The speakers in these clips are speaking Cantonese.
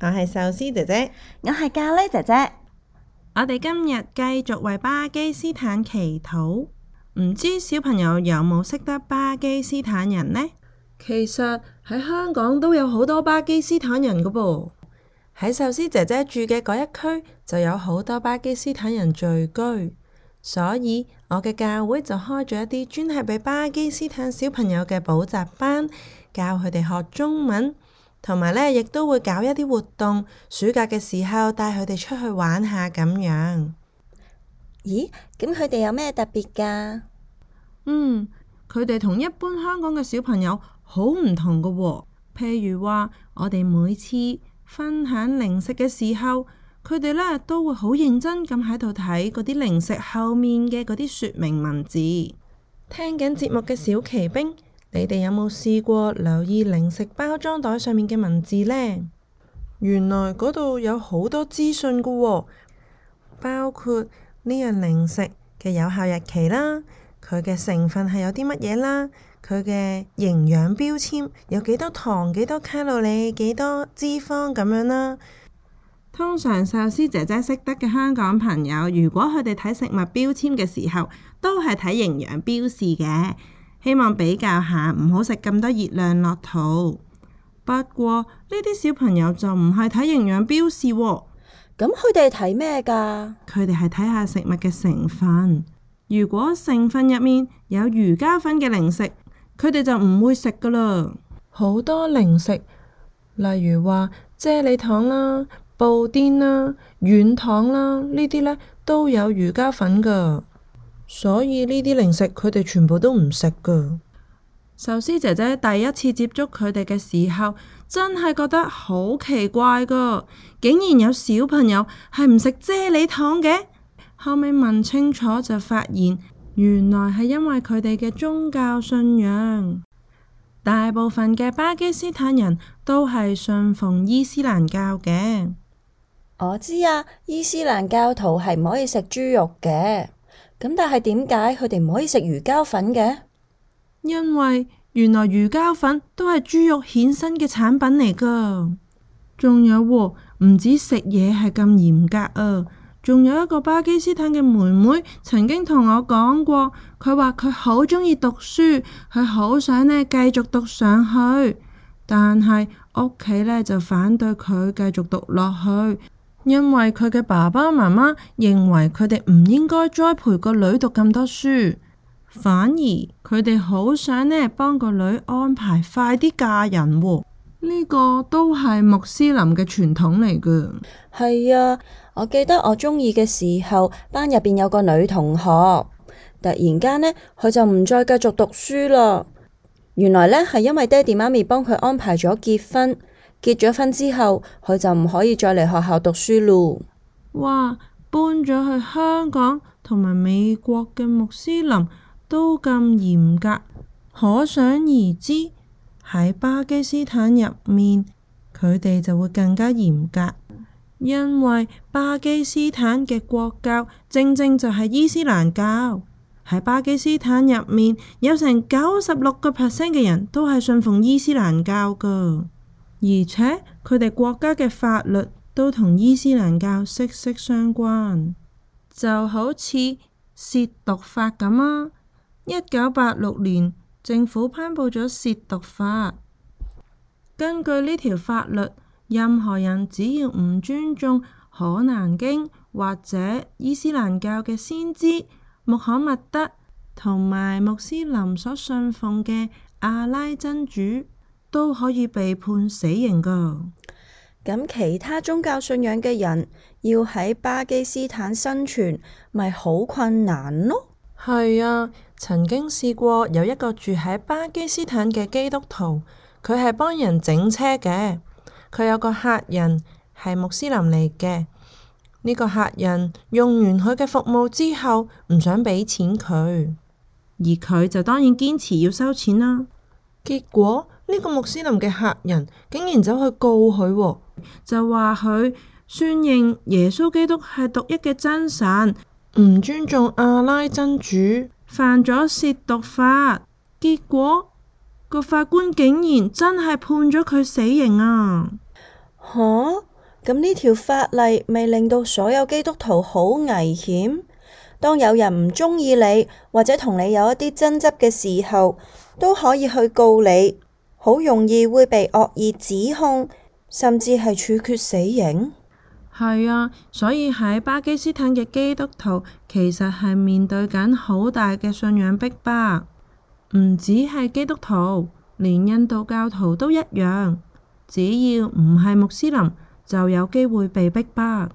我係壽司姐姐，我係咖喱姐姐。我哋今日繼續為巴基斯坦祈禱。唔知小朋友有冇識得巴基斯坦人呢？其實喺香港都有好多巴基斯坦人㗎噃。喺壽司姐姐住嘅嗰一區就有好多巴基斯坦人聚居，所以我嘅教會就開咗一啲專係畀巴基斯坦小朋友嘅補習班，教佢哋學中文。同埋咧，亦都會搞一啲活動。暑假嘅時候，帶佢哋出去玩下咁樣。咦？咁佢哋有咩特別噶？嗯，佢哋同一般香港嘅小朋友好唔同嘅喎。譬如話，我哋每次分享零食嘅時候，佢哋咧都會好認真咁喺度睇嗰啲零食後面嘅嗰啲說明文字。聽緊節目嘅小奇兵。你哋有冇試過留意零食包裝袋上面嘅文字呢？原來嗰度有好多資訊噶，包括呢樣零食嘅有效日期啦，佢嘅成分係有啲乜嘢啦，佢嘅營養標籤有幾多糖、幾多卡路里、幾多脂肪咁樣啦。通常壽司姐姐姐識得嘅香港朋友，如果佢哋睇食物標籤嘅時候，都係睇營養標示嘅。希望比較下，唔好食咁多熱量落肚。不過呢啲小朋友就唔係睇營養標示，咁佢哋睇咩噶？佢哋係睇下食物嘅成分。如果成分入面有魚膠粉嘅零食，佢哋就唔會食噶啦。好多零食，例如話啫喱糖啦、布甸啦、軟糖啦，呢啲咧都有魚膠粉噶。所以呢啲零食，佢哋全部都唔食㗎。壽司姐姐第一次接觸佢哋嘅時候，真係覺得好奇怪㗎，竟然有小朋友係唔食啫喱糖嘅。後尾問清楚就發現，原來係因為佢哋嘅宗教信仰。大部分嘅巴基斯坦人都係信奉伊斯蘭教嘅。我知啊，伊斯蘭教徒係唔可以食豬肉嘅。咁但係點解佢哋唔可以食魚膠粉嘅？因為原來魚膠粉都係豬肉衍生嘅產品嚟噶。仲有唔止食嘢係咁嚴格啊，仲有一個巴基斯坦嘅妹妹曾經同我講過，佢話佢好鍾意讀書，佢好想呢繼續讀上去，但係屋企呢就反對佢繼續讀落去。因為佢嘅爸爸媽媽認為佢哋唔應該栽培個女讀咁多書，反而佢哋好想呢幫個女安排快啲嫁人喎。呢、這個都係穆斯林嘅傳統嚟嘅。係啊，我記得我中意嘅時候班入邊有個女同學，突然間呢佢就唔再繼續讀書啦。原來呢係因為爹哋媽咪幫佢安排咗結婚。結咗婚之後，佢就唔可以再嚟學校讀書咯。哇！搬咗去香港同埋美國嘅穆斯林都咁嚴格，可想而知喺巴基斯坦入面，佢哋就會更加嚴格。因為巴基斯坦嘅國教正正就係伊斯蘭教，喺巴基斯坦入面有成九十六個 percent 嘅人都係信奉伊斯蘭教噶。而且佢哋國家嘅法律都同伊斯蘭教息息相關，就好似褻瀆法咁啊！一九八六年政府頒布咗褻瀆法，根據呢條法律，任何人只要唔尊重可蘭經或者伊斯蘭教嘅先知穆罕默德同埋穆斯林所信奉嘅阿拉真主。都可以被判死刑噶。咁其他宗教信仰嘅人要喺巴基斯坦生存，咪好困難咯。係啊，曾經試過有一個住喺巴基斯坦嘅基督徒，佢係幫人整車嘅。佢有個客人係穆斯林嚟嘅，呢個客人用完佢嘅服務之後，唔想畀錢佢，而佢就當然堅持要收錢啦。結果？呢個穆斯林嘅客人竟然走去告佢，哦，就話佢宣認耶穌基督係獨一嘅真神，唔尊重阿拉真主，犯咗褻瀆法。結果個法官竟然真係判咗佢死刑啊！吓，咁呢條法例未令到所有基督徒好危險。當有人唔中意你或者同你有一啲爭執嘅時候，都可以去告你。好容易會被惡意指控，甚至係處決死刑。係啊，所以喺巴基斯坦嘅基督徒其實係面對緊好大嘅信仰逼迫。唔止係基督徒，連印度教徒都一樣。只要唔係穆斯林，就有機會被逼迫。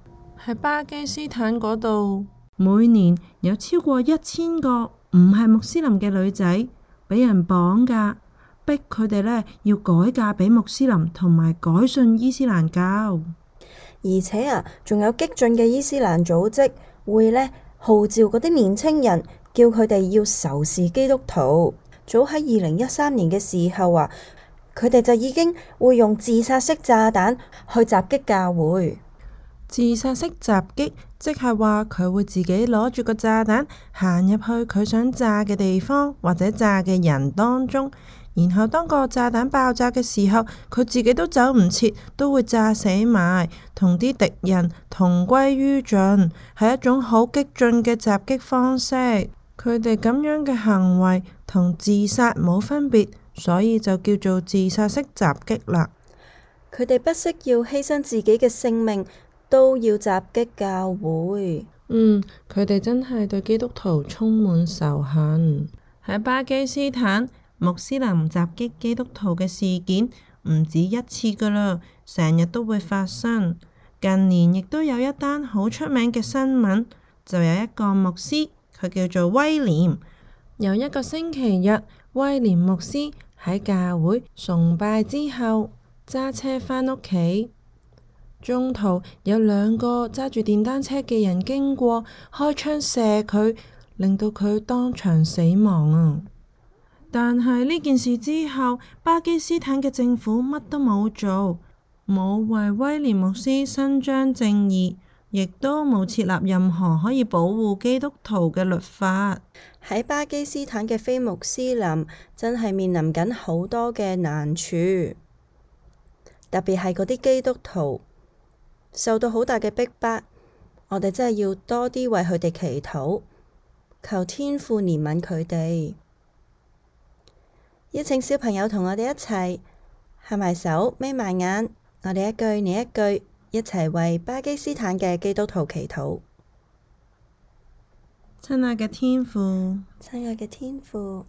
喺巴基斯坦嗰度，每年有超過一千個唔係穆斯林嘅女仔俾人綁架，逼佢哋咧要改嫁俾穆斯林，同埋改信伊斯蘭教。而且啊，仲有激進嘅伊斯蘭組織會呢，號召嗰啲年青人，叫佢哋要仇視基督徒。早喺二零一三年嘅時候啊，佢哋就已經會用自殺式炸彈去襲擊教會。自殺式襲擊即係話，佢會自己攞住個炸彈行入去佢想炸嘅地方，或者炸嘅人當中。然後當個炸彈爆炸嘅時候，佢自己都走唔切，都會炸死埋，同啲敵人同歸於盡，係一種好激進嘅襲擊方式。佢哋咁樣嘅行為同自殺冇分別，所以就叫做自殺式襲擊啦。佢哋不惜要犧牲自己嘅性命，都要襲擊教會。嗯，佢哋真係對基督徒充滿仇恨，喺巴基斯坦。穆斯林襲擊基督徒嘅事件唔止一次㗎喇，成日都會發生。近年亦都有一單好出名嘅新聞，就有一個牧師，佢叫做威廉。有一個星期日，威廉牧師喺教會崇拜之後，揸車返屋企，中途有兩個揸住電單車嘅人經過，開槍射佢，令到佢當場死亡啊！但係呢件事之後，巴基斯坦嘅政府乜都冇做，冇為威廉牧師伸張正義，亦都冇設立任何可以保護基督徒嘅律法。喺巴基斯坦嘅非穆斯林真係面臨緊好多嘅難處，特別係嗰啲基督徒受到好大嘅逼迫，迫。我哋真係要多啲為佢哋祈禱，求天父憐憫佢哋。邀請小朋友同我哋一齊合埋手、眯埋眼，我哋一句你一句，一齊為巴基斯坦嘅基督徒祈禱。親愛嘅天父，親愛嘅天父，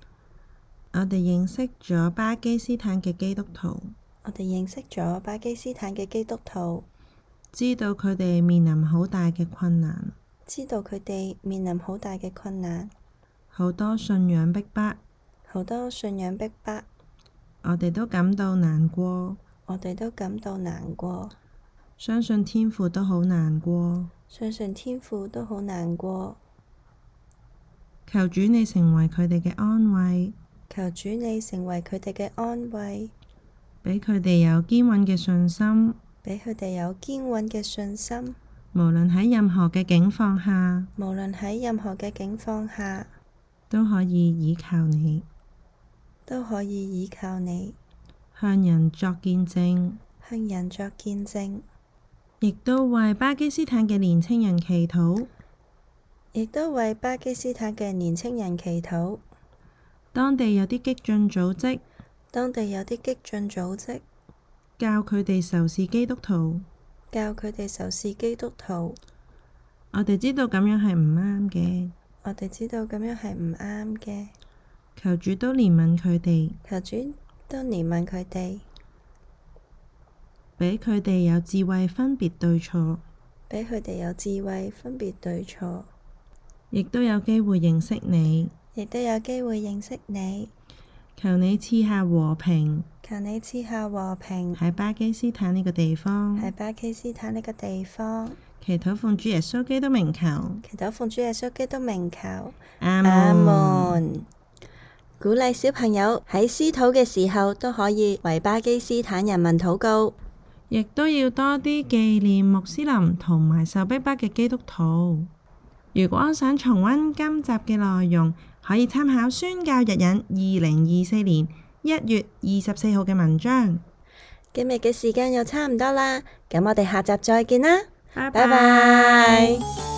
我哋認識咗巴基斯坦嘅基督徒，我哋認識咗巴基斯坦嘅基督徒，知道佢哋面臨好大嘅困難，知道佢哋面臨好大嘅困難，好多信仰逼迫。好多信仰逼迫，我哋都感到難過。我哋都感到難過。相信天父都好難過。相信天父都好難過。求主你成為佢哋嘅安慰。求主你成為佢哋嘅安慰，畀佢哋有堅穩嘅信心。畀佢哋有堅穩嘅信心，無論喺任何嘅境況下，無論喺任何嘅境況下，都可以依靠你。都可以倚靠你，向人作見證，向人作見證，亦都為巴基斯坦嘅年輕人祈禱，亦都為巴基斯坦嘅年輕人祈禱。當地有啲激進組織，當地有啲激進組織，教佢哋仇視基督徒，教佢哋仇視基督徒。我哋知道咁樣係唔啱嘅，我哋知道咁樣係唔啱嘅。求主都憐憫佢哋，求主都憐憫佢哋，畀佢哋有智慧分別對錯，畀佢哋有智慧分別對錯，亦都有機會認識你，亦都有機會認識你。求你賜下和平，求你賜下和平。喺巴基斯坦呢個地方，喺巴基斯坦呢個地方，祈禱奉主耶穌基督名求，祈禱奉主耶穌基督名求。阿門。阿門。鼓勵小朋友喺祈禱嘅時候都可以為巴基斯坦人民禱告，亦都要多啲紀念穆斯林同埋受逼迫嘅基督徒。如果想重温今集嘅內容，可以參考宣教日引二零二四年一月二十四號嘅文章。今日嘅時間又差唔多啦，咁我哋下集再見啦，拜拜 bye。Bye bye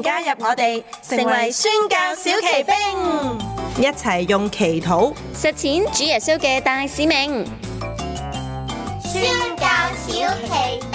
加入我哋，成為宣教小騎兵，一齊用祈禱實踐主耶穌嘅大使命。宣教小騎。